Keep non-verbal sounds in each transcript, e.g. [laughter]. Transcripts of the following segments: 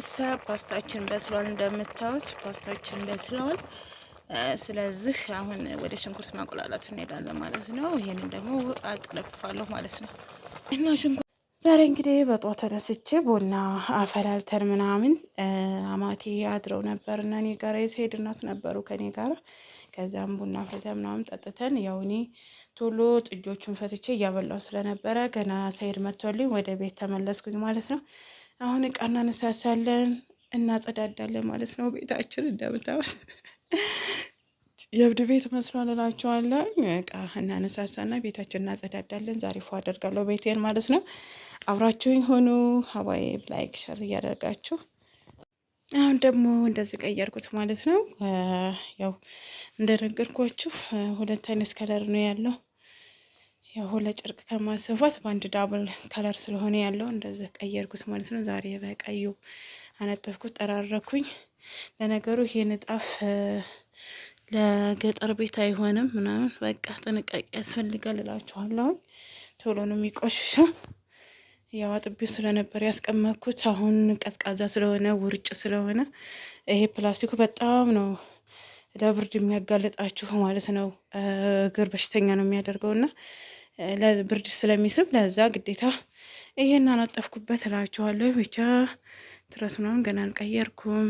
ከዛ ፓስታችን በስሏል። እንደምታዩት ፓስታችን በስለዋል። ስለዚህ አሁን ወደ ሽንኩርት ማቆላላት እንሄዳለን ማለት ነው። ይህንን ደግሞ አጥለፍፋለሁ ማለት ነው እና ሽንኩርት ዛሬ እንግዲህ በጧት ተነስቼ ቡና አፈላልተን ምናምን አማቴ አድረው ነበር እና እኔ ጋር የሰሄድ እናት ነበሩ ከኔ ጋር። ከዚያም ቡና አፍልተን ምናምን ጠጥተን ያው እኔ ቶሎ ጥጆቹን ፈትቼ እያበላው ስለነበረ ገና ሰሄድ መጥቶልኝ ወደ ቤት ተመለስኩኝ ማለት ነው። አሁን እቃ እናነሳሳለን፣ እናጸዳዳለን ማለት ነው። ቤታችን እንደምታወት የእብድ ቤት መስሏል እላቸዋለሁ። እቃ እናነሳሳና ቤታችን እናጸዳዳለን። ዛሬ ፎ አደርጋለሁ ቤቴን ማለት ነው። አብራችሁኝ ሆኑ። ሀዋይ ላይክ ሸር እያደርጋችሁ አሁን ደግሞ እንደዚህ ቀየርኩት ማለት ነው። ያው እንደነገርኳችሁ ሁለት አይነት ከለር ነው ያለው የሁለት ጨርቅ ከማስፋት በአንድ ዳብል ከለር ስለሆነ ያለው እንደዚህ ቀየርኩት ማለት ነው። ዛሬ በቀዩ አነጠፍኩት፣ ጠራረኩኝ። ለነገሩ ይሄ ንጣፍ ለገጠር ቤት አይሆንም ምናምን በቃ ጥንቃቄ ያስፈልጋል እላችኋለሁ። ቶሎ ነው የሚቆሽሸው። ያው ስለነበር ያስቀመጥኩት አሁን ቀዝቃዛ ስለሆነ ውርጭ ስለሆነ ይሄ ፕላስቲኩ በጣም ነው ለብርድ የሚያጋልጣችሁ ማለት ነው። እግር በሽተኛ ነው የሚያደርገውና ብርድ ስለሚስብ ለዛ ግዴታ ይሄን አነጠፍኩበት እላችኋለሁ። ብቻ ትረስ ምናምን ገና አልቀየርኩም።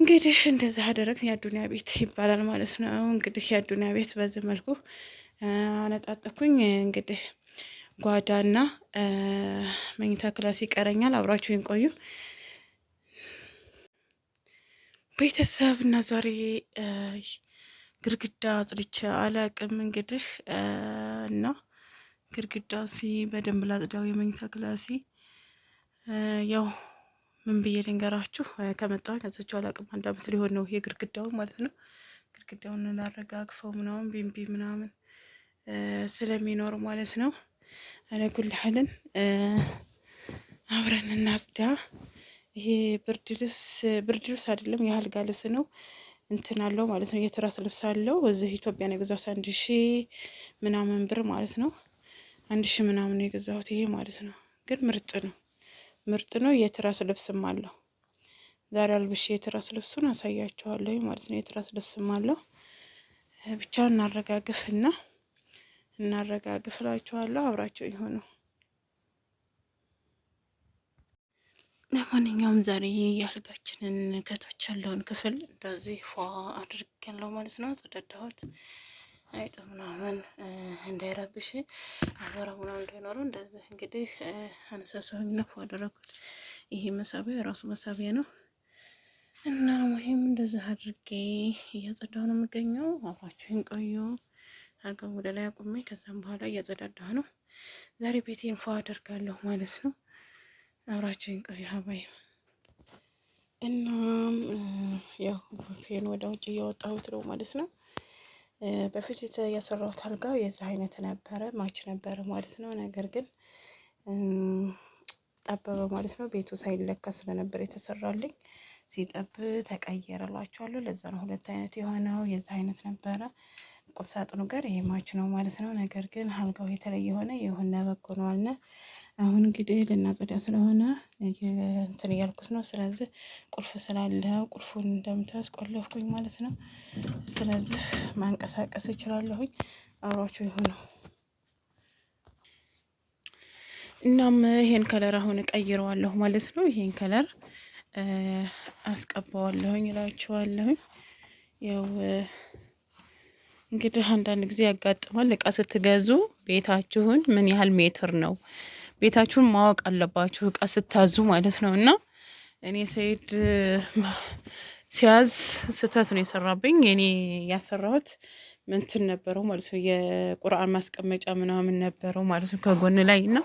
እንግዲህ እንደዚህ አደረግ የአዱኒያ ቤት ይባላል ማለት ነው። እንግዲህ የአዱኒያ ቤት በዚህ መልኩ አነጣጠኩኝ። እንግዲህ ጓዳና መኝታ ክላስ ይቀረኛል። አብራችሁ ይንቆዩ ቤተሰብ እና ዛሬ ግርግዳ አጽድቼ አላቅም እንግዲህ እና ግርግዳ ሲ በደንብ ላጽዳው የመኝታ ክላሲ ያው ምን ብዬ ልንገራችሁ፣ ከመጣሁኝ አጽድቼ አላቅም። አንድ አመት ሊሆን ነው የግርግዳውን ማለት ነው። ግርግዳውን ላረጋግፈው ምናምን ቢምቢ ምናምን ስለሚኖር ማለት ነው። አለጉልህልን አብረን እናጽዳ። ይሄ ብርድ ልብስ ብርድ ልብስ አይደለም የአልጋ ልብስ ነው። እንትን አለው ማለት ነው። የትራት ልብስ አለው እዚህ ኢትዮጵያ ነው የገዛሁት አንድ ሺ ምናምን ብር ማለት ነው። አንድ ሺ ምናምን ነው የገዛሁት ይሄ ማለት ነው። ግን ምርጥ ነው፣ ምርጥ ነው። የትራስ ልብስም አለው። ዛሬ አልብሼ የትራስ ልብሱን አሳያችኋለሁ ማለት ነው። የትራስ ልብስም አለው። ብቻ እናረጋግፍና እና አብራቸው ይሆነው ለማንኛውም ዛሬ የአልጋችንን ከታች ያለውን ክፍል እንደዚህ ፏ አድርጌያለሁ ማለት ነው። አጸዳዳሁት። አይጥ ምናምን እንዳይረብሽ አበራ ምናምን እንዳይኖረው እንደዚህ እንግዲህ አነሳሳሁኝና ፏ አደረኩት። ይሄ መሳቢያ የራሱ መሳቢያ ነው እና ወይም እንደዚህ አድርጌ እያጸዳሁ ነው የምገኘው። አብራችሁን ቆዩ። አልጋ ወደ ላይ አቁሜ ከዛም በኋላ እያጸዳዳሁ ነው። ዛሬ ቤቴን ፏ አደርጋለሁ ማለት ነው። አብራችን ቆዩ ሀባይ። እናም ያው ፌን ወደ ውጭ እያወጣሁት ነው ማለት ነው። በፊት የሰራሁት አልጋ የዚህ አይነት ነበረ፣ ማች ነበረ ማለት ነው። ነገር ግን ጠበበ ማለት ነው። ቤቱ ሳይለካ ስለነበር የተሰራልኝ ሲጠብ ተቀየረ ለዛ ነው ሁለት አይነት የሆነው። የዚህ አይነት ነበረ ቁምሳጥኑ ጋር ይሄ ማች ነው ማለት ነው። ነገር ግን አልጋው የተለየ የሆነ የሆነ በጎ ነው አልነ አሁን እንግዲህ ልናጸዳ ስለሆነ እንትን እያልኩት ነው። ስለዚህ ቁልፍ ስላለ ቁልፉን እንደምታስ ቆለፍኩኝ ማለት ነው። ስለዚህ ማንቀሳቀስ እችላለሁኝ። አብሯችሁ ይሁኑ። እናም ይሄን ከለር አሁን እቀይረዋለሁ ማለት ነው። ይሄን ከለር አስቀባዋለሁኝ እላችኋለሁኝ። ያው እንግዲህ አንዳንድ ጊዜ ያጋጥማል። እቃ ስትገዙ ቤታችሁን ምን ያህል ሜትር ነው ቤታችሁን ማወቅ አለባችሁ እቃ ስታዙ ማለት ነው። እና እኔ ሰይድ ሲያዝ ስህተት ነው የሰራብኝ። የኔ ያሰራሁት ምንትን ነበረው ማለት ነው፣ የቁርአን ማስቀመጫ ምናምን ነበረው ማለት ነው ከጎን ላይ እና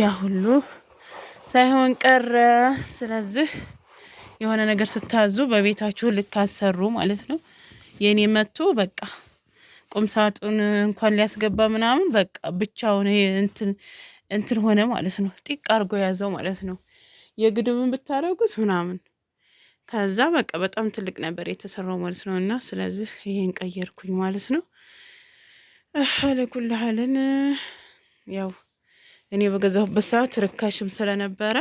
ያ ሁሉ ሳይሆን ቀረ። ስለዚህ የሆነ ነገር ስታዙ በቤታችሁ ልካሰሩ ማለት ነው። የኔ መቶ በቃ ቁም ሳጥን እንኳን ሊያስገባ ምናምን በቃ ብቻውን እንትን እንትን ሆነ ማለት ነው። ጢቅ አድርጎ የያዘው ማለት ነው። የግድብን ብታደርጉት ምናምን ከዛ በቃ በጣም ትልቅ ነበር የተሰራው ማለት ነው። እና ስለዚህ ይሄን ቀየርኩኝ ማለት ነው። ለኩልሃልን ያው እኔ በገዛሁበት ሰዓት ርካሽም ስለነበረ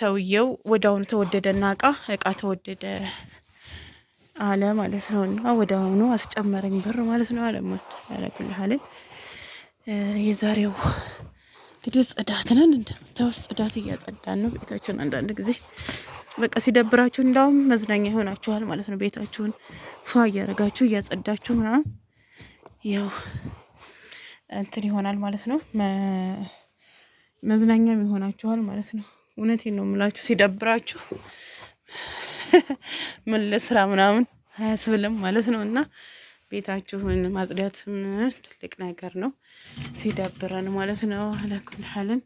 ሰውየው ወዲያውኑ ተወደደና እቃ እቃ ተወደደ። አለ ማለት ነው። እና ወደ አሁኑ አስጨመረኝ ብር ማለት ነው አለ ያለኩልሃልን የዛሬው እንግዲህ ጽዳት ነን እንደምታውስ ጽዳት እያጸዳን ነው ቤታችን። አንዳንድ ጊዜ በቃ ሲደብራችሁ እንዳውም መዝናኛ ይሆናችኋል ማለት ነው። ቤታችሁን ፏ እያደረጋችሁ እያጸዳችሁ ምናምን ያው እንትን ይሆናል ማለት ነው። መዝናኛም ይሆናችኋል ማለት ነው። እውነቴን ነው የምላችሁ ሲደብራችሁ [laughs] ምን ለስራ ምናምን አያስብልም ማለት ነው። እና ቤታችሁን ማጽዳት ትልቅ ነገር ነው ሲዳብረን ማለት ነው። አላኩል ሀልን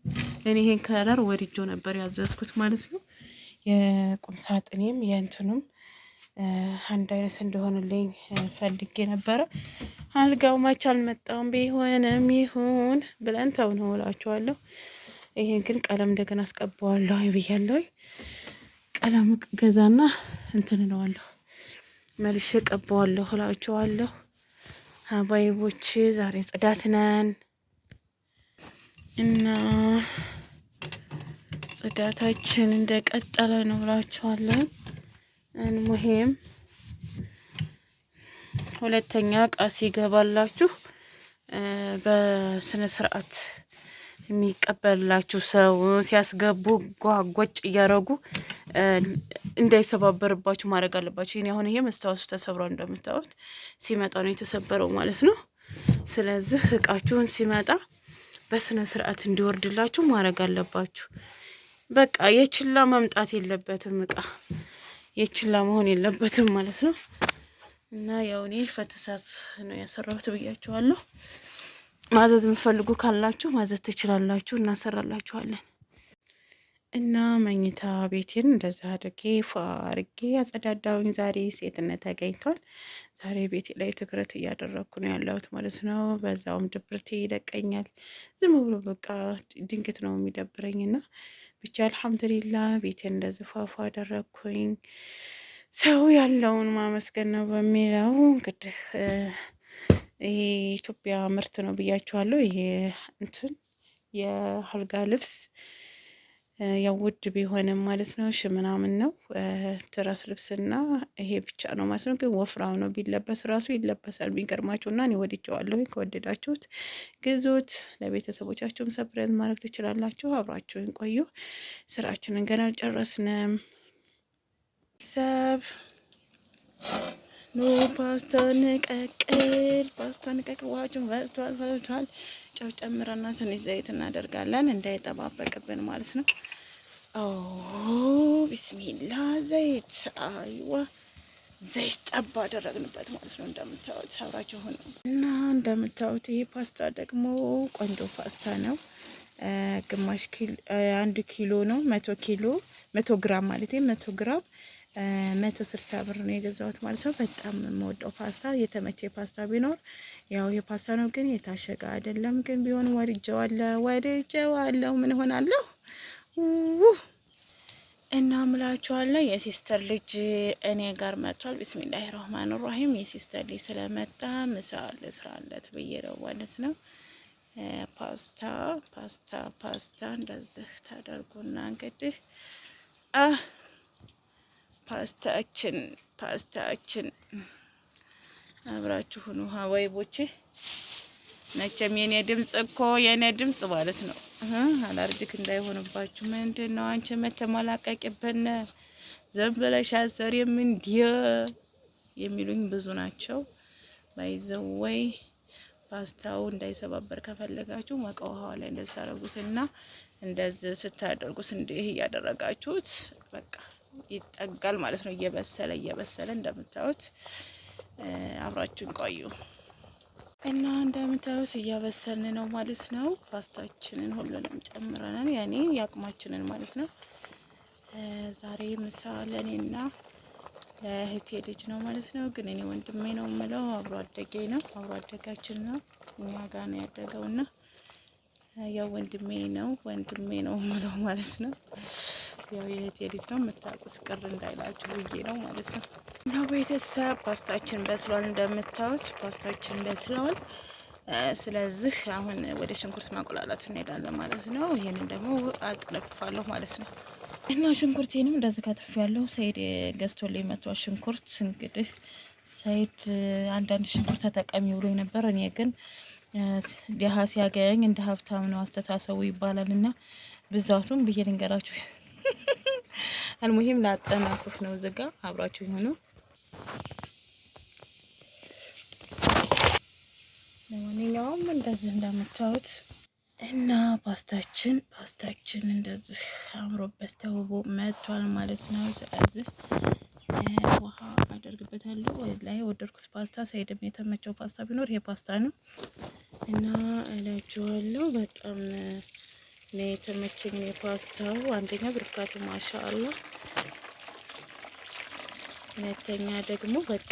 እኔ ይሄን ከለር ወድጆ ነበር ያዘዝኩት ማለት ነው። የቁም ሳጥኔም የእንትኑም አንድ አይነት እንደሆንልኝ ፈልጌ ነበረ። አልጋው ማች አልመጣም። ቢሆንም ይሁን ብለን ተውነው እላችኋለሁ። ይሄን ግን ቀለም እንደገና አስቀባዋለሁ ብያለሁ። ቀለም ገዛና እንትን እለዋለሁ መልሼ ቀባዋለሁ እላችኋለሁ። አባይቦች ዛሬ ጽዳት ነን እና ጽዳታችን እንደቀጠለ ነው እላችኋለሁ። እንሙሄም ሁለተኛ እቃ ሲገባላችሁ በስነ ስርዓት የሚቀበልላችሁ ሰው ሲያስገቡ ጓጎጭ እያደረጉ እንዳይሰባበርባችሁ ማድረግ አለባችሁ። ይኔ አሁን ይሄ መስታወሱ ተሰብሯል እንደምታዩት ሲመጣ ነው የተሰበረው ማለት ነው። ስለዚህ እቃችሁን ሲመጣ በስነ ስርዓት እንዲወርድላችሁ ማድረግ አለባችሁ። በቃ የችላ መምጣት የለበትም እቃ የችላ መሆን የለበትም ማለት ነው። እና ያው እኔ ፈተሳት ነው ያሰራሁት ብያችኋለሁ። ማዘዝ የምፈልጉ ካላችሁ ማዘዝ ትችላላችሁ፣ እናሰራላችኋለን። እና መኝታ ቤቴን እንደዛ አድርጌ ፏ አጸዳዳውኝ ዛሬ ሴትነት ተገኝቷል። ዛሬ ቤቴ ላይ ትኩረት እያደረግኩ ነው ያለሁት ማለት ነው። በዛውም ድብርቴ ይለቀኛል። ዝም ብሎ በቃ ድንግት ነው የሚደብረኝ እና ብቻ አልሐምዱሊላ ቤቴን እንደዚህ ፏፏ አደረግኩኝ። ሰው ያለውን ማመስገን ነው በሚለው እንግዲህ ይሄ ኢትዮጵያ ምርት ነው ብያችኋለሁ። ይሄ እንትን የአልጋ ልብስ ያው ውድ ቢሆንም ማለት ነው ሺ ምናምን ነው ትራስ ልብስና ይሄ ብቻ ነው ማለት ነው። ግን ወፍራም ነው ቢለበስ ራሱ ይለበሳል ቢንቀርማችሁ እና እኔ ወድጀዋለሁ። ከወደዳችሁት ግዙት፣ ለቤተሰቦቻችሁም ሰፕሬዝ ማድረግ ትችላላችሁ። አብራችሁን ቆዩ። ስራችንን ገና አልጨረስንም። ሰብ ኑ ፓስታ ንቀቅል፣ ፓስታ ንቀቅል። ውሃችን ፈልቷል ፈልቷል። ጨው ጨምረና ትንሽ ዘይት እናደርጋለን እንዳይጠባበቅብን ማለት ነው። ቢስሚላ ዘይት አይዋ ዘይት ጠብ አደረግንበት ማለት ነው። እንደምታዩት ሰብራችሁ ሆነ እና እንደምታዩት ይሄ ፓስታ ደግሞ ቆንጆ ፓስታ ነው። ግማሽ ኪሎ አንድ ኪሎ ነው። መቶ ኪሎ መቶ ግራም ማለት መቶ ግራም መቶ ስልሳ ብር ነው የገዛሁት ማለት ነው። በጣም የምወደው ፓስታ የተመቸ ፓስታ ቢኖር ያው ይሄ ፓስታ ነው። ግን የታሸገ አይደለም። ግን ቢሆን ወድጀዋለሁ፣ ወድጀዋለሁ። ምን ሆናለሁ እና ምላችኋለሁ የሲስተር ልጅ እኔ ጋር መጥቷል። ቢስሚላህ ራህማን ራሂም የሲስተር ልጅ ስለመጣ ምሳ ልስራለት ብዬ ነው ማለት ነው። ፓስታ ፓስታ ፓስታ እንደዚህ ታደርጉና እንግዲህ ፓስታችን ፓስታችን አብራችሁን ውሃ ወይቦቼ መቼም የኔ ድምጽ እኮ የኔ ድምጽ ማለት ነው። አላርጅክ እንዳይሆንባችሁ። ምንድን ነው አንቺ የምትሞላቀቂብን? ዝም ብለሽ አትሰሪም የሚሉኝ ብዙ ናቸው። ባይዘው ወይ ፓስታው እንዳይሰባበር ከፈለጋችሁ መቀውሃው ላይ እንደዛ ታረጉትና እንደዚህ ስታደርጉት እንዲህ እያደረጋችሁት በቃ ይጠጋል ማለት ነው። እየበሰለ እየበሰለ እንደምታዩት አብራችሁን ቆዩ። እና እንደምታዩት እያበሰልን ነው ማለት ነው። ፓስታችንን ሁሉንም ጨምረናል፣ ያኔ የአቅማችንን ማለት ነው። ዛሬ ምሳ ለእኔና ለእህቴ ልጅ ነው ማለት ነው። ግን እኔ ወንድሜ ነው የምለው፣ አብሮ አደጌ ነው፣ አብሮ አደጋችን ነው። እኛ ጋር ነው ያደገው እና ያው ወንድሜ ነው ወንድሜ ነው የምለው ማለት ነው። ያው የእህቴ ልጅ ነው የምታውቁስ፣ ቅር እንዳይላችሁ ብዬ ነው ማለት ነው። ነው ቤተሰብ ፓስታችን በስሏል። እንደምታዩት ፓስታችን በስሏል። ስለዚህ አሁን ወደ ሽንኩርት ማቆላላት እንሄዳለን ማለት ነው። ይህንን ደግሞ አጥለፋለሁ ማለት ነው እና ሽንኩርቴንም እንደዚህ ከትፍ ያለው ሰይድ ገዝቶልኝ መጥቷል። ሽንኩርት እንግዲህ ሰይድ አንዳንድ ሽንኩርት ተጠቀሚ ብሎኝ ነበር። እኔ ግን ድሀ ሲያገኝ እንደ ሀብታም ነው አስተሳሰቡ ይባላል እና ብዛቱም ብዬ ልንገራችሁ [laughs] አልሙሂም ላጠናፉፍ ነው። ዝጋ አብራችሁ ሆኑ ለማንኛውም እንደዚህ እንደምታዩት እና ፓስታችን ፓስታችን እንደዚህ አምሮበት ተውቦ መጥቷል ማለት ነው። ስለዚህ ውሃ አደርግበታለሁ። ላይ ወደድኩት ፓስታ ሳይድም የተመቸው ፓስታ ቢኖር ይሄ ፓስታ ነው እና እላችኋለሁ በጣም ነው የተመቸኝ የፓስታው አንደኛ ብርካቱ ማሻአላ፣ ሁለተኛ ደግሞ በቃ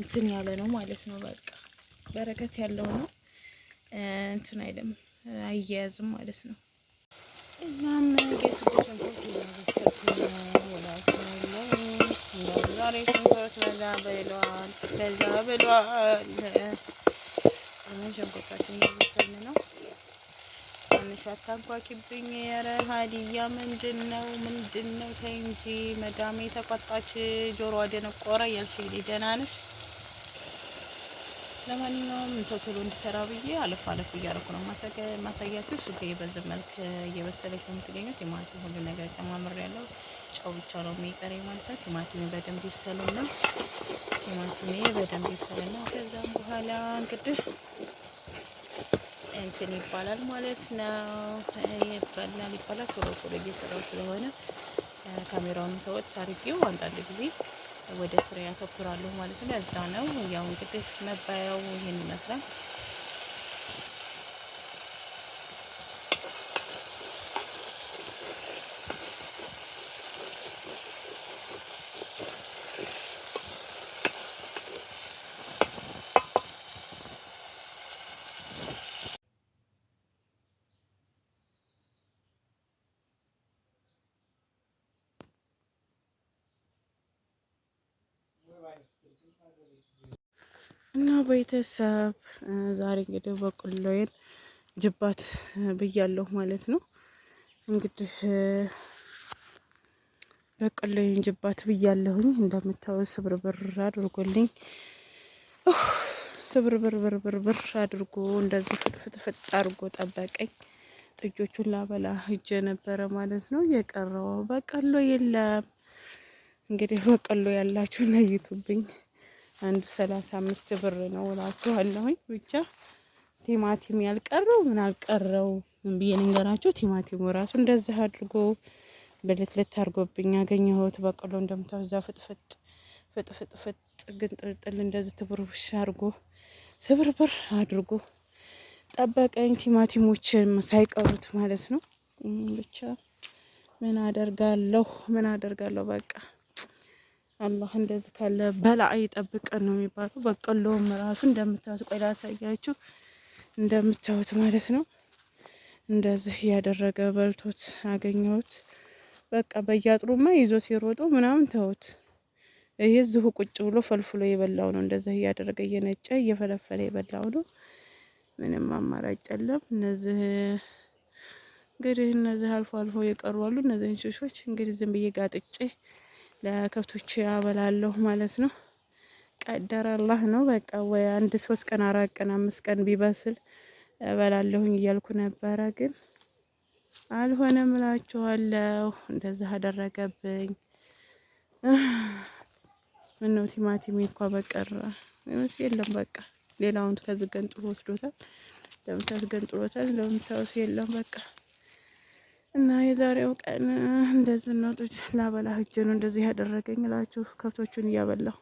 እንትን ያለ ነው ማለት ነው በቃ በረከት ያለው ነው። እንትን አይደለም አያያዝም ማለት ነው። እናም እንግዲህ ሽንኩርት እያበሰልኩ ሽንኩርታችን ነው። ትንሽ አታንኳኪብኝ። ኧረ ሀዲያ ምንድን ነው ምንድን ነው? ተይ እንጂ መዳሜ ተቆጣች፣ ጆሮ ደነቆረ ያልሽ። ደህና ነሽ? ለማንኛውም እንተው ቶሎ እንዲሰራ ብዬ አለፍ አለፍ እያደረኩ ነው ማሳያችሁ። እሱ በዚህ መልክ እየበሰለች ነው የምትገኙት። ቲማቲም ሁሉ ነገር ጨማምር ያለው ጨው ብቻ ነው የሚቀረኝ ማለት ነው። ቲማቲሜ በደንብ ይብሰልና ቲማቲሜ በደንብ ይብሰልና ከዛም በኋላ እንግዲህ እንትን ይባላል ማለት ነው። ይባላል ይባላል ቶሎ ቶሎ እየሰራው ስለሆነ ካሜራውን ተወት አድርጌው አንዳንድ ጊዜ ወደ ስራ ያተኩራለሁ ማለት ነው። እዛ ነው ያው እንግዲህ መባያው ይህን ይመስላል። እና ቤተሰብ ዛሬ እንግዲህ በቆሎዬን ጅባት ብያለሁ ማለት ነው። እንግዲህ በቆሎዬን ጅባት ብያለሁኝ። እንደምታዩት ስብርብር አድርጎልኝ ስብርብርብርብር አድርጎ እንደዚህ ፍጥፍጥፍጥ አድርጎ ጠበቀኝ። ጥጆቹን ላበላ ሂጄ ነበረ ማለት ነው። የቀረው በቆሎ የለም። እንግዲህ በቆሎ ያላችሁ ለይቱብኝ። አንዱ ሰላሳ አምስት ብር ነው እላችኋለሁኝ። ብቻ ቲማቲም ያልቀረው ምን አልቀረው ብዬ ልንገራችሁ። ቲማቲሙ ራሱ እንደዚህ አድርጎ በልትልት አድርጎብኝ ያገኘሁት በቆሎ እንደምታወዛ ፍጥፍጥ ፍጥፍጥ ፍጥፍጥፍጥ ግንጥልጥል እንደዚህ ትብርብሽ አድርጎ ስብርብር አድርጎ ጠበቀኝ። ቲማቲሞችን ሳይቀሩት ማለት ነው። ብቻ ምን አደርጋለሁ ምን አደርጋለሁ በቃ አላህ እንደዚህ ካለ በላ ይጠብቀን ነው የሚባለው። በቀሎ ራሱ እንደምታዩት ቆይ ላሳያችሁ። እንደምታዩት ማለት ነው እንደዚህ እያደረገ በልቶት አገኘሁት። በቃ በያጥሩማ ይዞ ሲሮጡ ምናምን ተውት። ይሄ ዝሁ ቁጭ ብሎ ፈልፍሎ የበላው ነው። እንደዚህ እያደረገ እየነጨ እየፈለፈለ የበላው ነው። ምንም አማራጭ የለም። እነዚህ እንግዲህ እነዚህ አልፎ አልፎ የቀሩ አሉ። እነዚህን ሾሾች እንግዲህ ዝም ብዬ ጋጥጬ ለከብቶች ያበላለሁ ማለት ነው። ቀደር አላህ ነው። በቃ ወይ አንድ ሶስት ቀን አራት ቀን አምስት ቀን ቢበስል እበላለሁኝ እያልኩ ነበረ፣ ግን አልሆነም እላችኋለሁ። እንደዛ አደረገብኝ። ምን ምነው ቲማቲሜ እንኳ በቀረ የለም። በቃ ሌላውን ከዚህ ገንጥሎ ወስዶታል። ለምታስ ገንጥሎታል። ለምታውስ የለም በቃ እና የዛሬው ቀን እንደዚህ ነው። ላበላ ህጅ ነው እንደዚህ ያደረገኝ እላችሁ ከብቶቹን እያበላሁ